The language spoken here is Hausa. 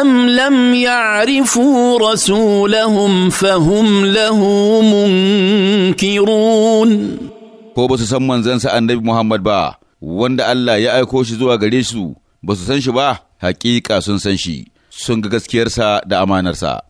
أم لم يعرفوا رسولهم فهم له منكرون ko ba su san manzansa annabi Muhammad ba wanda Allah ya aiko shi zuwa gare su ba su san shi ba hakika sun san shi sun ga gaskiyarsa da amanarsa